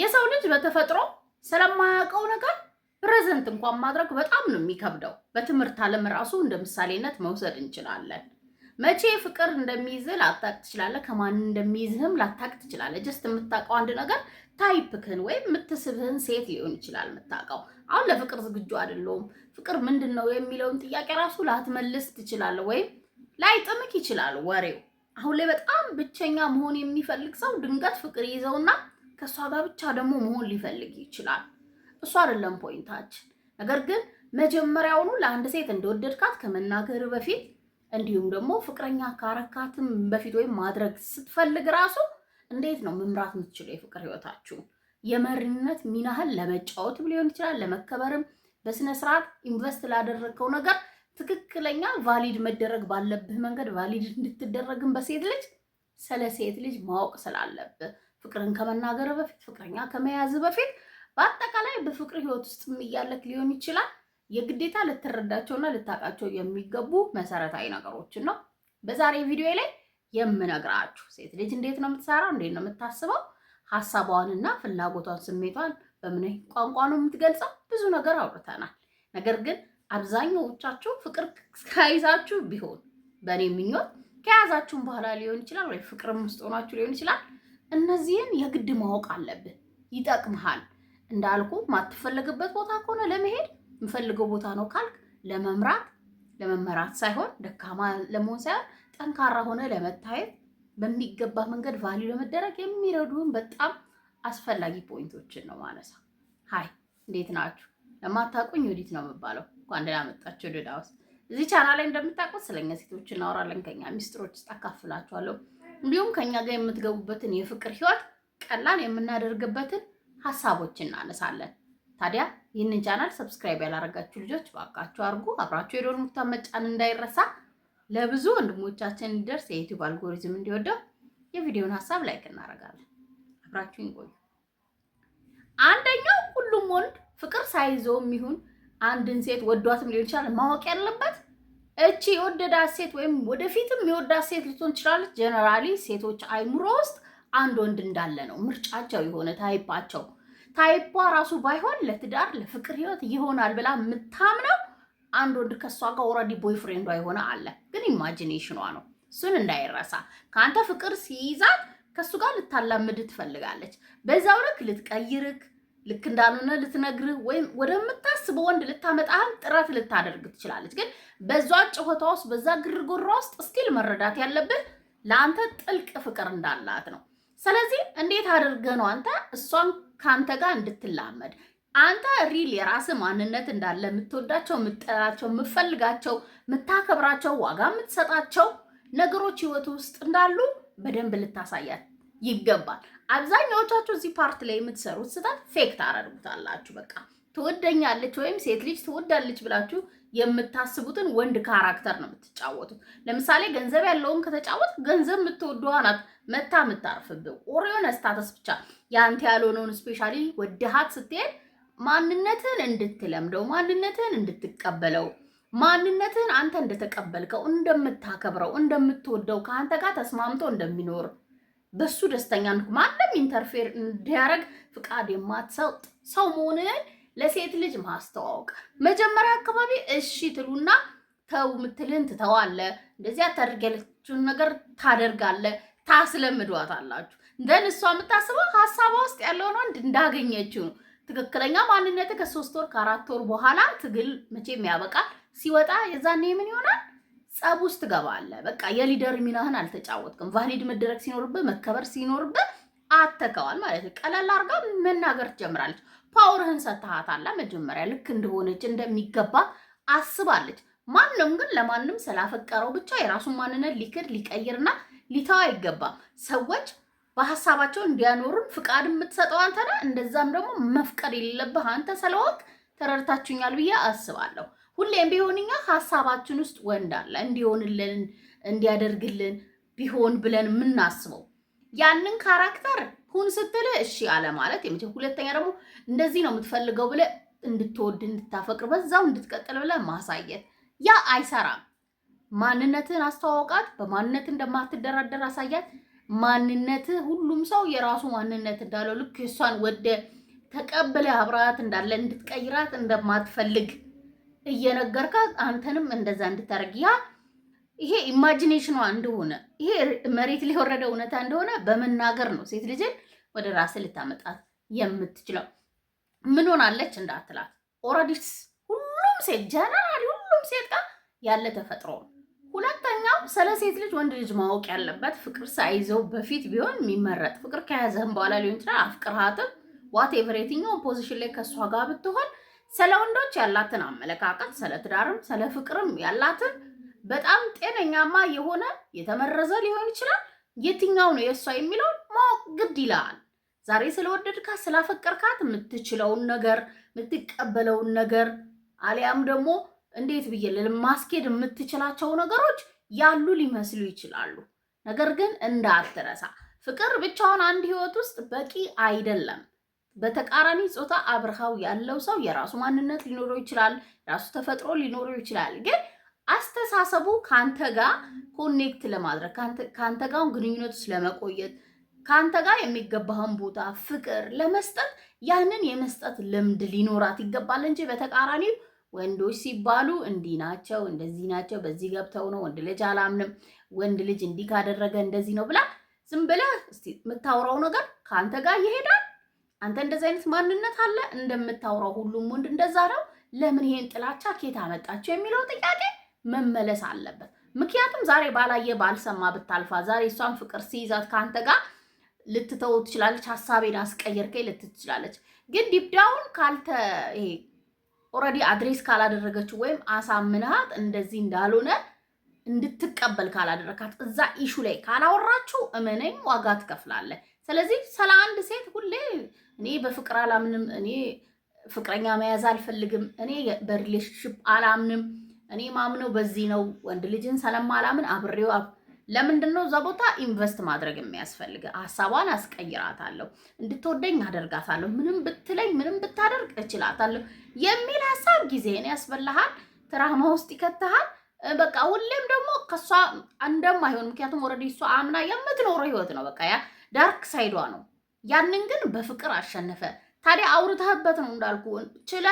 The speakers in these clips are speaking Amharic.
የሰው ልጅ በተፈጥሮ ስለማያውቀው ነገር ፕሬዘንት እንኳን ማድረግ በጣም ነው የሚከብደው። በትምህርት ዓለም ራሱ እንደ ምሳሌነት መውሰድ እንችላለን። መቼ ፍቅር እንደሚይዝህ ላታቅ ትችላለህ። ከማን እንደሚይዝህም ላታቅ ትችላለህ። ጀስት የምታውቀው አንድ ነገር ታይፕክን ወይም የምትስብህን ሴት ሊሆን ይችላል የምታውቀው። አሁን ለፍቅር ዝግጁ አይደለሁም ፍቅር ምንድን ነው የሚለውን ጥያቄ ራሱ ላትመልስ ትችላለህ፣ ወይም ላይጥምክ ይችላል ወሬው። አሁን ላይ በጣም ብቸኛ መሆን የሚፈልግ ሰው ድንገት ፍቅር ይዘውና ከእሷ ጋር ብቻ ደግሞ መሆን ሊፈልግ ይችላል። እሱ አይደለም ፖይንታችን። ነገር ግን መጀመሪያውኑ ለአንድ ሴት እንደወደድካት ከመናገር በፊት እንዲሁም ደግሞ ፍቅረኛ ካረካትም በፊት ወይም ማድረግ ስትፈልግ ራሱ እንዴት ነው መምራት የምትችለው የፍቅር ህይወታችሁን የመሪነት ሚናህን ለመጫወትም ሊሆን ይችላል፣ ለመከበርም በስነ ስርዓት ኢንቨስት ላደረግከው ነገር ትክክለኛ ቫሊድ መደረግ ባለብህ መንገድ ቫሊድ እንድትደረግም በሴት ልጅ ስለ ሴት ልጅ ማወቅ ስላለብህ ፍቅርን ከመናገር በፊት ፍቅረኛ ከመያዝ በፊት በአጠቃላይ በፍቅር ህይወት ውስጥ የሚያለክ ሊሆን ይችላል። የግዴታ ልትረዳቸውና ልታውቃቸው የሚገቡ መሰረታዊ ነገሮችን ነው በዛሬ ቪዲዮ ላይ የምነግራችሁ። ሴት ልጅ እንዴት ነው የምትሰራው? እንዴት ነው የምታስበው? ሀሳቧንና ፍላጎቷን ስሜቷን በምን ቋንቋ ነው የምትገልጸው? ብዙ ነገር አውርተናል። ነገር ግን አብዛኛዎቻችሁ ፍቅር ከያዛችሁ ቢሆን በእኔ ምኞት ከያዛችሁን በኋላ ሊሆን ይችላል ወይ ፍቅርም ውስጥ ሆናችሁ ሊሆን ይችላል እነዚህን የግድ ማወቅ አለብን። ይጠቅምሃል እንዳልኩ ማትፈለግበት ቦታ ከሆነ ለመሄድ የምፈልገው ቦታ ነው ካልክ ለመምራት ለመመራት ሳይሆን ደካማ ለመሆን ሳይሆን ጠንካራ ሆነ ለመታየት በሚገባ መንገድ ቫሊዩ ለመደረግ የሚረዱን በጣም አስፈላጊ ፖይንቶችን ነው ማነሳ። ሀይ እንዴት ናችሁ? ለማታውቁኝ ዮዲት ነው የምባለው። እንኳን ደህና መጣችሁ ዮድ ሃውስ። እዚህ ቻናል ላይ እንደምታውቁት ስለኛ ሴቶች እናወራለን፣ ከኛ ሚስጥሮች ስጥ አካፍላችኋለሁ። እንዲሁም ከኛ ጋር የምትገቡበትን የፍቅር ህይወት ቀላል የምናደርግበትን ሀሳቦች እናነሳለን። ታዲያ ይህንን ቻናል ሰብስክራይብ ያላረጋችሁ ልጆች ባካችሁ አድርጉ። አብራችሁ የደወል ምልክቱን መጫን እንዳይረሳ። ለብዙ ወንድሞቻችን እንዲደርስ የዩቲዩብ አልጎሪዝም እንዲወደው የቪዲዮን ሀሳብ ላይክ እናደርጋለን። አብራችሁ ይቆዩ። አንደኛው ሁሉም ወንድ ፍቅር ሳይዘውም ይሁን አንድን ሴት ወዷትም ሊሆን ይችላል ማወቅ ያለበት እቺ የወደዳት ሴት ወይም ወደፊትም የወዳት ሴት ልትሆን ትችላለች። ጀነራሊ ሴቶች አይምሮ ውስጥ አንድ ወንድ እንዳለ ነው ምርጫቸው የሆነ ታይፓቸው ታይፓ ራሱ ባይሆን ለትዳር ለፍቅር ህይወት ይሆናል ብላ የምታምነው አንድ ወንድ ከሷ ጋር ኦልሬዲ ቦይፍሬንዷ የሆነ አለ። ግን ኢማጂኔሽኗ ነው። እሱን እንዳይረሳ። ከአንተ ፍቅር ሲይዛት ከእሱ ጋር ልታላምድ ትፈልጋለች። በዛው ልክ ልትቀይርክ ልክ እንዳልሆነ ልትነግርህ ወይም ወደምታስበው ወንድ ልታመጣ ጥረት ልታደርግ ትችላለች። ግን በዛ ጭሆታ ውስጥ በዛ ግርግሯ ውስጥ እስቲል መረዳት ያለብህ ለአንተ ጥልቅ ፍቅር እንዳላት ነው። ስለዚህ እንዴት አድርገህ ነው አንተ እሷን ከአንተ ጋር እንድትላመድ አንተ ሪል የራስህ ማንነት እንዳለ የምትወዳቸው፣ የምጠላቸው፣ የምፈልጋቸው፣ የምታከብራቸው፣ ዋጋ የምትሰጣቸው ነገሮች ህይወት ውስጥ እንዳሉ በደንብ ልታሳያት ይገባል። አብዛኛዎቻችሁ እዚህ ፓርት ላይ የምትሰሩት ስህተት ፌክ ታረጉታላችሁ። በቃ ትወደኛለች ወይም ሴት ልጅ ትወዳለች ብላችሁ የምታስቡትን ወንድ ካራክተር ነው የምትጫወቱት። ለምሳሌ ገንዘብ ያለውን ከተጫወት ገንዘብ የምትወደዋ ናት መታ የምታርፍብህ ኦር የሆነ ስታተስ ብቻ የአንተ ያልሆነውን ስፔሻሊ ወድሃት ስትሄድ ማንነትን እንድትለምደው ማንነትን እንድትቀበለው ማንነትን አንተ እንደተቀበልከው እንደምታከብረው እንደምትወደው ከአንተ ጋር ተስማምቶ እንደሚኖር በሱ ደስተኛ ነው። ማንም ኢንተርፌር እንዲያደርግ ፍቃድ የማትሰጥ ሰው መሆንህን ለሴት ልጅ ማስተዋወቅ። መጀመሪያ አካባቢ እሺ ትሉና ተው ምትልን ትተዋለ። እንደዚህ ታደርገለችውን ነገር ታደርጋለ፣ ታስለምዷት አላችሁ። እንደን እሷ የምታስበው ሀሳቧ ውስጥ ያለውን ወንድ እንዳገኘችው ነው። ትክክለኛ ማንነትህ ከሶስት ወር ከአራት ወር በኋላ ትግል መቼም ያበቃል። ሲወጣ የዛኔ ምን ይሆናል? ጸብ ውስጥ ትገባለህ። በቃ የሊደር ሚናህን አልተጫወትክም። ቫሊድ መደረግ ሲኖርብህ፣ መከበር ሲኖርብህ አተከዋል ማለት ነው። ቀለል አድርጋ መናገር ትጀምራለች። ፓወርህን ሰጥተሃታላ። መጀመሪያ ልክ እንደሆነች እንደሚገባ አስባለች። ማንም ግን ለማንም ስላፈቀረው ብቻ የራሱን ማንነት ሊክድ ሊቀይርና ሊተው አይገባም። ሰዎች በሀሳባቸው እንዲያኖሩን ፍቃድ የምትሰጠው አንተ ነህ። እንደዛም ደግሞ መፍቀድ የሌለብህ አንተ ስለሆንክ ተረድታችሁኛል ብዬ አስባለሁ። ሁሌም ቢሆንኛ ሀሳባችን ውስጥ ወንድ አለ እንዲሆንልን እንዲያደርግልን ቢሆን ብለን የምናስበው ያንን ካራክተር ሁን ስትል እሺ አለ ማለት ሁለተኛ ደግሞ እንደዚህ ነው የምትፈልገው ብለ እንድትወድ እንድታፈቅር በዛው እንድትቀጥል ብለ ማሳየት ያ አይሰራም። ማንነትህን አስተዋወቃት። በማንነት እንደማትደራደር አሳያት። ማንነት ሁሉም ሰው የራሱ ማንነት እንዳለው ልክ እሷን ወደ ተቀብለ አብራት እንዳለ እንድትቀይራት እንደማትፈልግ እየነገርካ አንተንም እንደዛ እንድታደርግ ያ ይሄ ኢማጂኔሽኗ እንደሆነ ይሄ መሬት ላይ የወረደ እውነታ እንደሆነ በመናገር ነው ሴት ልጅን ወደ ራስ ልታመጣት የምትችለው። ምን ሆናለች እንዳትላት ኦረዲስ ሁሉም ሴት ጀነራል ሁሉም ሴት ጋር ያለ ተፈጥሮ ነው። ሁለተኛው ስለ ሴት ልጅ ወንድ ልጅ ማወቅ ያለበት ፍቅር ሳይዘው በፊት ቢሆን የሚመረጥ ፍቅር ከያዘህም በኋላ ሊሆን ይችላል። አፍቅርሃትም ዋት ኤቨር የትኛውን ፖዚሽን ላይ ከእሷ ጋር ብትሆን ስለ ወንዶች ያላትን አመለካከት፣ ስለ ትዳርም ስለ ፍቅርም ያላትን በጣም ጤነኛማ የሆነ የተመረዘ ሊሆን ይችላል የትኛው ነው የእሷ የሚለውን ማወቅ ግድ ይላል። ዛሬ ስለወደድካት ስላፈቀርካት የምትችለውን ነገር የምትቀበለውን ነገር አሊያም ደግሞ እንዴት ብዬ ማስኬድ የምትችላቸው ነገሮች ያሉ ሊመስሉ ይችላሉ። ነገር ግን እንዳትረሳ ፍቅር ብቻውን አንድ ህይወት ውስጥ በቂ አይደለም። በተቃራኒ ጾታ አብርሃው ያለው ሰው የራሱ ማንነት ሊኖረው ይችላል፣ የራሱ ተፈጥሮ ሊኖረው ይችላል። ግን አስተሳሰቡ ከአንተ ጋር ኮኔክት ለማድረግ ከአንተ ጋር ግንኙነት ውስጥ ለመቆየት ከአንተ ጋር የሚገባህን ቦታ ፍቅር ለመስጠት ያንን የመስጠት ልምድ ሊኖራት ይገባል እንጂ በተቃራኒው ወንዶች ሲባሉ እንዲህ ናቸው፣ እንደዚህ ናቸው፣ በዚህ ገብተው ነው ወንድ ልጅ አላምንም፣ ወንድ ልጅ እንዲህ ካደረገ እንደዚህ ነው ብላ ዝም ብለህ የምታውራው ነገር ከአንተ ጋር ይሄዳል አንተ እንደዚህ አይነት ማንነት አለ እንደምታውራው ሁሉም ወንድ እንደዛ ነው። ለምን ይሄን ጥላቻ ኬት አመጣችሁ የሚለው ጥያቄ መመለስ አለበት። ምክንያቱም ዛሬ ባላየ ባልሰማ ብታልፋ ዛሬ እሷን ፍቅር ሲይዛት ከአንተ ጋር ልትተው ትችላለች። ሀሳቤን አስቀየርከኝ ልትት ትችላለች። ግን ዲፕዳውን ካልተ ይሄ ኦልሬዲ አድሬስ ካላደረገችው ወይም አሳምናት እንደዚህ እንዳልሆነ እንድትቀበል ካላደረካት፣ እዛ ኢሹ ላይ ካላወራችሁ እመነኝ ዋጋ ትከፍላለህ። ስለዚህ ስለ አንድ ሴት ሁሌ እኔ በፍቅር አላምንም፣ እኔ ፍቅረኛ መያዝ አልፈልግም፣ እኔ በሪሌሽንሽፕ አላምንም፣ እኔ ማምነው በዚህ ነው፣ ወንድ ልጅን ስለማላምን አብሬው ለምንድን ነው እዛ ቦታ ኢንቨስት ማድረግ የሚያስፈልግ? ሀሳቧን አስቀይራታለሁ፣ እንድትወደኝ አደርጋታለሁ፣ ምንም ብትለኝ ምንም ብታደርግ እችላታለሁ የሚል ሀሳብ ጊዜን ያስበላሃል፣ ትራማ ውስጥ ይከትሃል። በቃ ሁሌም ደግሞ ከእሷ እንደማይሆን ምክንያቱም ወረዲ እሷ አምና የምትኖረው ህይወት ነው። በቃ ያ ዳርክ ሳይዷ ነው። ያንን ግን በፍቅር አሸነፈ። ታዲያ አውርተህበት ነው እንዳልኩ ችለ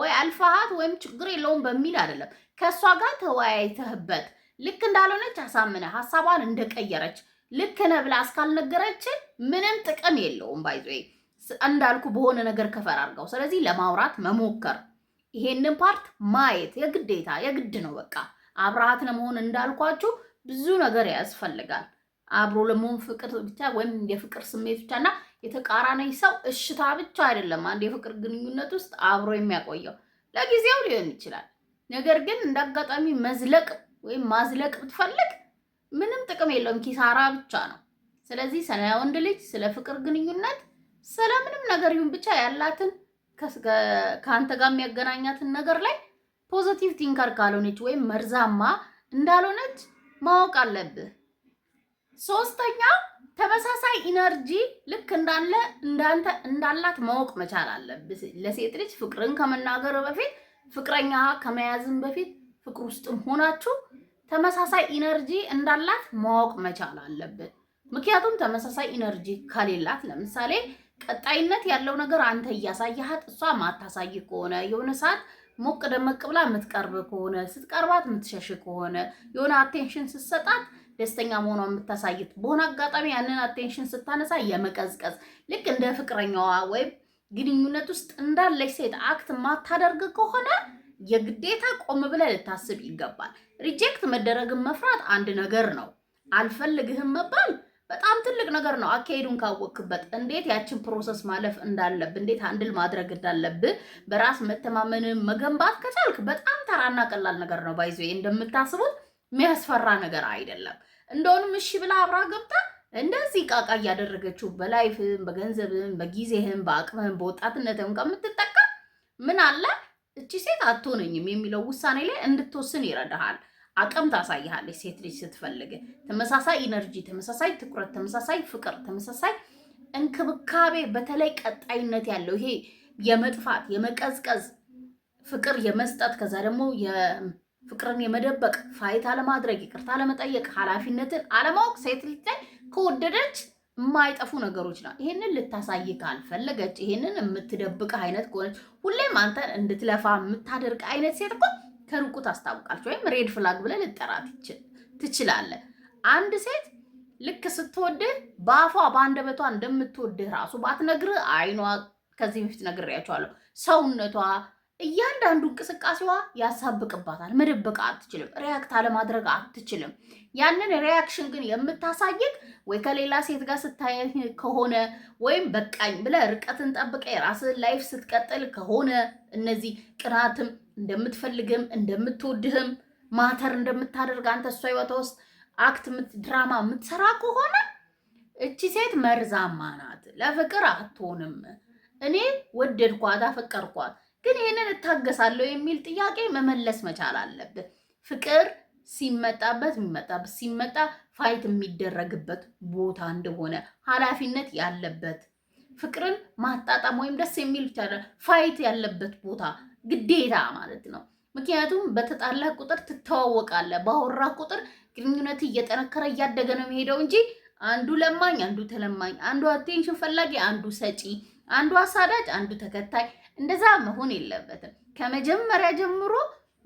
ወይ አልፋሃት ወይም ችግር የለውም በሚል አይደለም ከእሷ ጋር ተወያይተህበት ልክ እንዳልሆነች አሳምነ ሀሳቧን እንደቀየረች ልክ ነህ ብላ እስካልነገረች ምንም ጥቅም የለውም። ባይዞ እንዳልኩ በሆነ ነገር ከፈራርገው። ስለዚህ ለማውራት መሞከር ይሄንን ፓርት ማየት የግዴታ የግድ ነው በቃ አብረሃት ለመሆን እንዳልኳችሁ ብዙ ነገር ያስፈልጋል። አብሮ ለመሆን ፍቅር ብቻ ወይም የፍቅር ስሜት ብቻ እና የተቃራኒ ሰው እሽታ ብቻ አይደለም። አንድ የፍቅር ግንኙነት ውስጥ አብሮ የሚያቆየው ለጊዜው ሊሆን ይችላል። ነገር ግን እንደ አጋጣሚ መዝለቅ ወይም ማዝለቅ ብትፈልግ ምንም ጥቅም የለውም፣ ኪሳራ ብቻ ነው። ስለዚህ ስለ ወንድ ልጅ፣ ስለ ፍቅር ግንኙነት፣ ስለምንም ነገር ይሁን ብቻ ያላትን ከአንተ ጋር የሚያገናኛትን ነገር ላይ ፖዘቲቭ ቲንከር ካልሆነች ወይም መርዛማ እንዳልሆነች ማወቅ አለብህ። ሶስተኛ ተመሳሳይ ኢነርጂ ልክ እንዳለ እንዳንተ እንዳላት ማወቅ መቻል አለብህ። ለሴት ልጅ ፍቅርን ከመናገር በፊት ፍቅረኛ ከመያዝም በፊት ፍቅር ውስጥም ሆናችሁ ተመሳሳይ ኢነርጂ እንዳላት ማወቅ መቻል አለብን። ምክንያቱም ተመሳሳይ ኢነርጂ ከሌላት ለምሳሌ ቀጣይነት ያለው ነገር አንተ እያሳየሃት እሷ ማታሳይ ከሆነ የሆነ ሰዓት ሞቅ ደመቅ ብላ የምትቀርብ ከሆነ ስትቀርባት የምትሸሽ ከሆነ የሆነ አቴንሽን ስትሰጣት ደስተኛ መሆኗን የምታሳይት በሆነ አጋጣሚ ያንን አቴንሽን ስታነሳ የመቀዝቀዝ ልክ እንደ ፍቅረኛዋ ወይም ግንኙነት ውስጥ እንዳለች ሴት አክት ማታደርግ ከሆነ የግዴታ ቆም ብለህ ልታስብ ይገባል። ሪጀክት መደረግን መፍራት አንድ ነገር ነው። አልፈልግህም መባል በጣም ትልቅ ነገር ነው። አካሄዱን ካወቅክበት እንዴት ያችን ፕሮሰስ ማለፍ እንዳለብ እንዴት አንድል ማድረግ እንዳለብ በራስ መተማመን መገንባት ከቻልክ በጣም ተራና ቀላል ነገር ነው። ባይዞ እንደምታስቡት የሚያስፈራ ነገር አይደለም። እንደውንም እሺ ብላ አብራ ገብታ እንደዚህ ቃቃ እያደረገችው በላይፍም በገንዘብም በጊዜህም በአቅምህም በወጣትነትም ከምትጠቀም ምን አለ እቺ ሴት አትሆነኝም የሚለው ውሳኔ ላይ እንድትወስን ይረዳሃል። አቅም ታሳይሃለች። ሴት ልጅ ስትፈልግ ተመሳሳይ ኢነርጂ፣ ተመሳሳይ ትኩረት፣ ተመሳሳይ ፍቅር፣ ተመሳሳይ እንክብካቤ፣ በተለይ ቀጣይነት ያለው ይሄ የመጥፋት የመቀዝቀዝ ፍቅር የመስጠት ከዛ ደግሞ ፍቅርን የመደበቅ ፋይት አለማድረግ፣ ይቅርታ አለመጠየቅ፣ ኃላፊነትን አለማወቅ ሴት ልጅ ላይ ከወደደች የማይጠፉ ነገሮች ነው። ይሄንን ልታሳይ ካልፈለገች፣ ይሄንን የምትደብቅ አይነት ከሆነች ሁሌም አንተን እንድትለፋ የምታደርግ አይነት ሴት እኮ ከሩቁ ታስታውቃለች ወይም ሬድ ፍላግ ብለህ ልጠራት ትችላለህ። አንድ ሴት ልክ ስትወድህ በአፏ በአንደበቷ እንደምትወድህ ራሱ ባትነግርህ አይኗ ከዚህ በፊት ነግሬያቸዋለሁ። ሰውነቷ፣ እያንዳንዱ እንቅስቃሴዋ ያሳብቅባታል። መደበቅ አትችልም። ሪያክት አለማድረግ አትችልም። ያንን ሪያክሽን ግን የምታሳይቅ ወይ ከሌላ ሴት ጋር ስታየ ከሆነ ወይም በቃኝ ብለህ ርቀትን ጠብቀህ የራስህን ላይፍ ስትቀጥል ከሆነ እነዚህ ቅናትም እንደምትፈልግም እንደምትወድህም ማተር እንደምታደርግ አንተ እሷ ህይወቷ ውስጥ አክት ድራማ የምትሰራ ከሆነ እቺ ሴት መርዛማ ናት፣ ለፍቅር አትሆንም። እኔ ወደድኳት፣ አፈቀርኳት፣ ግን ይህንን እታገሳለሁ የሚል ጥያቄ መመለስ መቻል አለብህ። ፍቅር ሲመጣበት የሚመጣበት ሲመጣ ፋይት የሚደረግበት ቦታ እንደሆነ ኃላፊነት ያለበት ፍቅርን ማጣጣም ወይም ደስ የሚል ብቻ ፋይት ያለበት ቦታ ግዴታ ማለት ነው። ምክንያቱም በተጣላ ቁጥር ትተዋወቃለ ባወራ ቁጥር ግንኙነት እየጠነከረ እያደገ ነው የሚሄደው እንጂ አንዱ ለማኝ፣ አንዱ ተለማኝ፣ አንዱ አቴንሽን ፈላጊ፣ አንዱ ሰጪ፣ አንዱ አሳዳጅ፣ አንዱ ተከታይ፣ እንደዛ መሆን የለበትም። ከመጀመሪያ ጀምሮ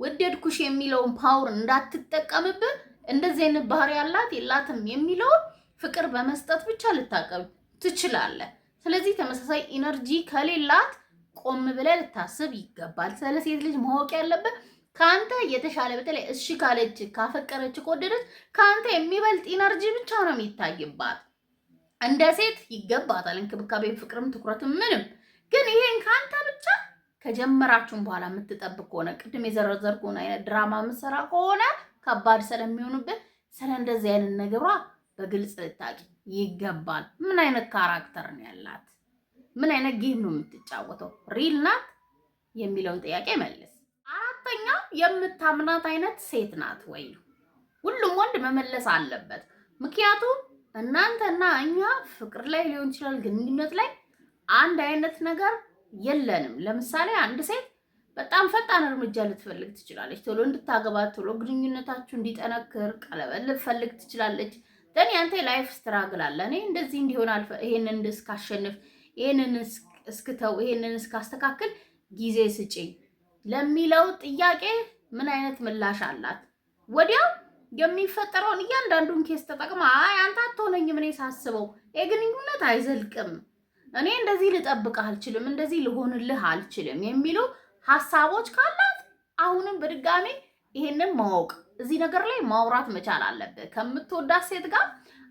ወደድኩሽ የሚለውን ፓወር እንዳትጠቀምብን እንደዚህ አይነት ባህሪ ያላት የላትም የሚለውን ፍቅር በመስጠት ብቻ ልታቀብ ትችላለህ። ስለዚህ ተመሳሳይ ኢነርጂ ከሌላት ቆም ብለህ ልታስብ ይገባል። ስለ ሴት ልጅ ማወቅ ያለብህ ከአንተ የተሻለ በተለይ እሺ ካለች ካፈቀረች፣ ከወደደች ከአንተ የሚበልጥ ኢነርጂ ብቻ ነው የሚታይባት። እንደ ሴት ይገባታል እንክብካቤ፣ ፍቅርም፣ ትኩረትም ምንም። ግን ይሄን ከአንተ ብቻ ከጀመራችሁን በኋላ የምትጠብቅ ከሆነ ቅድም የዘረዘርኩን አይነት ድራማ የምትሰራ ከሆነ ከባድ ስለሚሆንብን ስለ እንደዚህ አይነት ነገሯ በግልጽ ልታቂ ይገባል። ምን አይነት ካራክተር ነው ያላት? ምን አይነት ጌም ነው የምትጫወተው? ሪል ናት የሚለውን ጥያቄ መልስ። አራተኛ የምታምናት አይነት ሴት ናት ወይ? ሁሉም ወንድ መመለስ አለበት። ምክንያቱም እናንተና እኛ ፍቅር ላይ ሊሆን ይችላል፣ ግንኙነት ላይ አንድ አይነት ነገር የለንም። ለምሳሌ አንድ ሴት በጣም ፈጣን እርምጃ ልትፈልግ ትችላለች። ቶሎ እንድታገባት፣ ቶሎ ግንኙነታችሁ እንዲጠነክር ቀለበት ልትፈልግ ትችላለች። ደን ያንተ ላይፍ ስትራግል አለ። እኔ እንደዚህ እንዲሆን ይሄንን እንድስካሸንፍ ይህንን እስክተው ይሄንን እስካስተካክል ጊዜ ስጪኝ ለሚለው ጥያቄ ምን አይነት ምላሽ አላት? ወዲያው የሚፈጠረውን እያንዳንዱን ኬስ ተጠቅማ አይ አንተ አትሆነኝም፣ እኔ ሳስበው የግንኙነት አይዘልቅም፣ እኔ እንደዚህ ልጠብቅህ አልችልም፣ እንደዚህ ልሆንልህ አልችልም የሚሉ ሀሳቦች ካላት አሁንም በድጋሚ ይሄንን ማወቅ እዚህ ነገር ላይ ማውራት መቻል አለብህ ከምትወዳት ሴት ጋር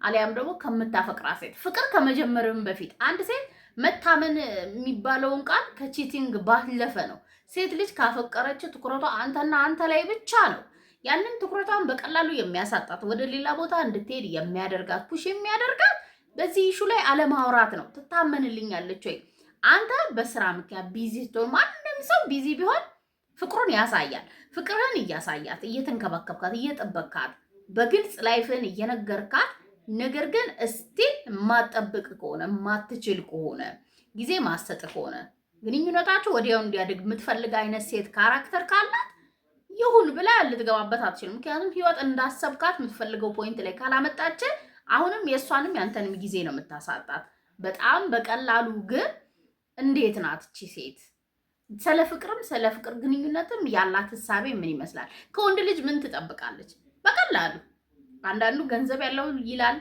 አሊያም ደግሞ ከምታፈቅራት ሴት ፍቅር ከመጀመርም በፊት አንድ ሴት መታመን የሚባለውን ቃል ከቺቲንግ ባለፈ ነው። ሴት ልጅ ካፈቀረችው ትኩረቷ አንተና አንተ ላይ ብቻ ነው። ያንን ትኩረቷን በቀላሉ የሚያሳጣት ወደ ሌላ ቦታ እንድትሄድ የሚያደርጋት ፑሽ የሚያደርጋት በዚህ ኢሹ ላይ አለማውራት ነው። ትታመንልኛለች ወይ? አንተ በስራ ምክንያት ቢዚ ስትሆን፣ ማንም ሰው ቢዚ ቢሆን ፍቅሩን ያሳያል። ፍቅርህን እያሳያት እየተንከባከብካት፣ እየጠበካት በግልጽ ላይፍህን እየነገርካት ነገር ግን እስቲል የማጠብቅ ከሆነ የማትችል ከሆነ ጊዜ ማሰጥ ከሆነ ግንኙነታችሁ ወዲያው እንዲያድግ የምትፈልግ አይነት ሴት ካራክተር ካላት ይሁን ብላ ልትገባበት አትችልም። ምክንያቱም ህይወት እንዳሰብካት የምትፈልገው ፖይንት ላይ ካላመጣች አሁንም የእሷንም ያንተንም ጊዜ ነው የምታሳጣት። በጣም በቀላሉ ግን እንዴት ናት እቺ ሴት? ስለ ፍቅርም ስለ ፍቅር ግንኙነትም ያላት ህሳቤ ምን ይመስላል? ከወንድ ልጅ ምን ትጠብቃለች? በቀላሉ አንዳንዱ ገንዘብ ያለው ይላል፣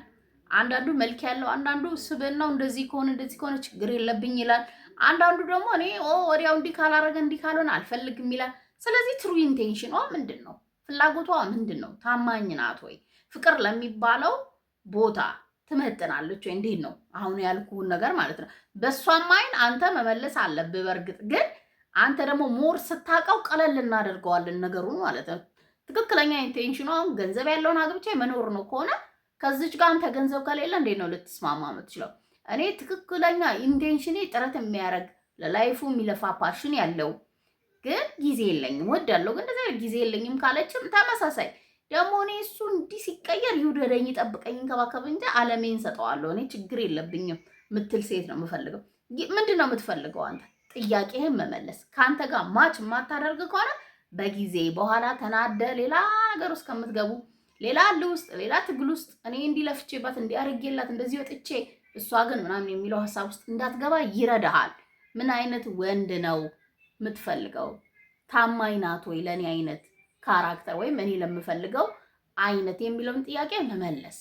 አንዳንዱ መልክ ያለው፣ አንዳንዱ ስብናው እንደዚህ ከሆነ እንደዚህ ከሆነ ችግር የለብኝ ይላል። አንዳንዱ ደግሞ እኔ ኦ ወዲያው እንዲህ ካላረገ እንዲህ ካልሆነ አልፈልግም ይላል። ስለዚህ ትሩ ኢንቴንሽኗ ምንድን ነው? ፍላጎቷ ምንድን ነው? ታማኝ ናት ወይ? ፍቅር ለሚባለው ቦታ ትመጥናለች ወይ? እንዴት ነው አሁን ያልኩህን ነገር ማለት ነው። በእሷም አይን አንተ መመለስ አለብህ። በእርግጥ ግን አንተ ደግሞ ሞር ስታውቀው ቀለል እናደርገዋለን ነገሩን ማለት ነው። ትክክለኛ ኢንቴንሽኑ አሁን ገንዘብ ያለውን አግብቼ መኖር ነው ከሆነ ከዚች ጋር አንተ ገንዘብ ከሌለ እንዴት ነው ልትስማማ የምትችለው? እኔ ትክክለኛ ኢንቴንሽኔ ጥረት የሚያደርግ ለላይፉ የሚለፋ ፓሽን ያለው ግን ጊዜ የለኝም ወዳለው ግን እንደዚያ ጊዜ የለኝም ካለችም ተመሳሳይ ደግሞ እኔ እሱ እንዲህ ሲቀየር ይውደደኝ፣ ጠብቀኝ፣ እንከባከብ እንጂ አለሜን ሰጠዋለሁ እኔ ችግር የለብኝም ምትል ሴት ነው የምፈልገው። ምንድን ነው የምትፈልገው አንተ? ጥያቄህን መመለስ ከአንተ ጋር ማች የማታደርግ ከሆነ በጊዜ በኋላ ተናደ ሌላ ነገር ውስጥ ከምትገቡ ሌላ አለ ውስጥ ሌላ ትግል ውስጥ እኔ እንዲለፍቼበት እንዲያርጌላት እንደዚህ ወጥቼ እሷ ግን ምናምን የሚለው ሀሳብ ውስጥ እንዳትገባ ይረዳሃል። ምን አይነት ወንድ ነው የምትፈልገው? ታማኝ ናት ወይ ለእኔ አይነት ካራክተር ወይም እኔ ለምፈልገው አይነት የሚለውን ጥያቄ መመለስ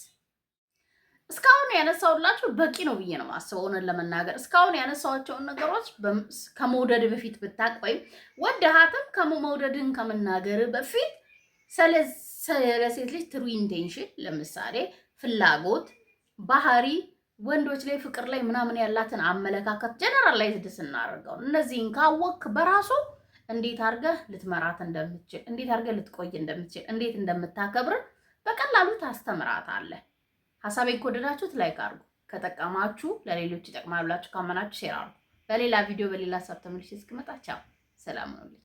እስካሁን ያነሳውላችሁ በቂ ነው ብዬ ነው የማስበው። እውነት ለመናገር እስካሁን ያነሳዋቸውን ነገሮች ከመውደድ በፊት ብታቅ ወይም ወደሃትም ከመውደድን ከመናገር በፊት ስለሴት ልጅ ትሩ ኢንቴንሽን ለምሳሌ ፍላጎት፣ ባህሪ፣ ወንዶች ላይ ፍቅር ላይ ምናምን ያላትን አመለካከት ጀነራል ላይ ስድስት እናደርገው እነዚህን ካወክ በራሱ እንዴት አድርገህ ልትመራት እንደምትችል፣ እንዴት አድርገህ ልትቆይ እንደምትችል፣ እንዴት እንደምታከብር በቀላሉ ታስተምራታለህ። ሀሳቤን ከወደዳችሁት ላይክ አድርጉ። ከጠቀማችሁ ለሌሎች ይጠቅማል ብላችሁ ካመናችሁ ሼር አድርጉ። በሌላ ቪዲዮ በሌላ ሀሳብ ተመልሼ እስክመጣ ቻው፣ ሰላም ነው።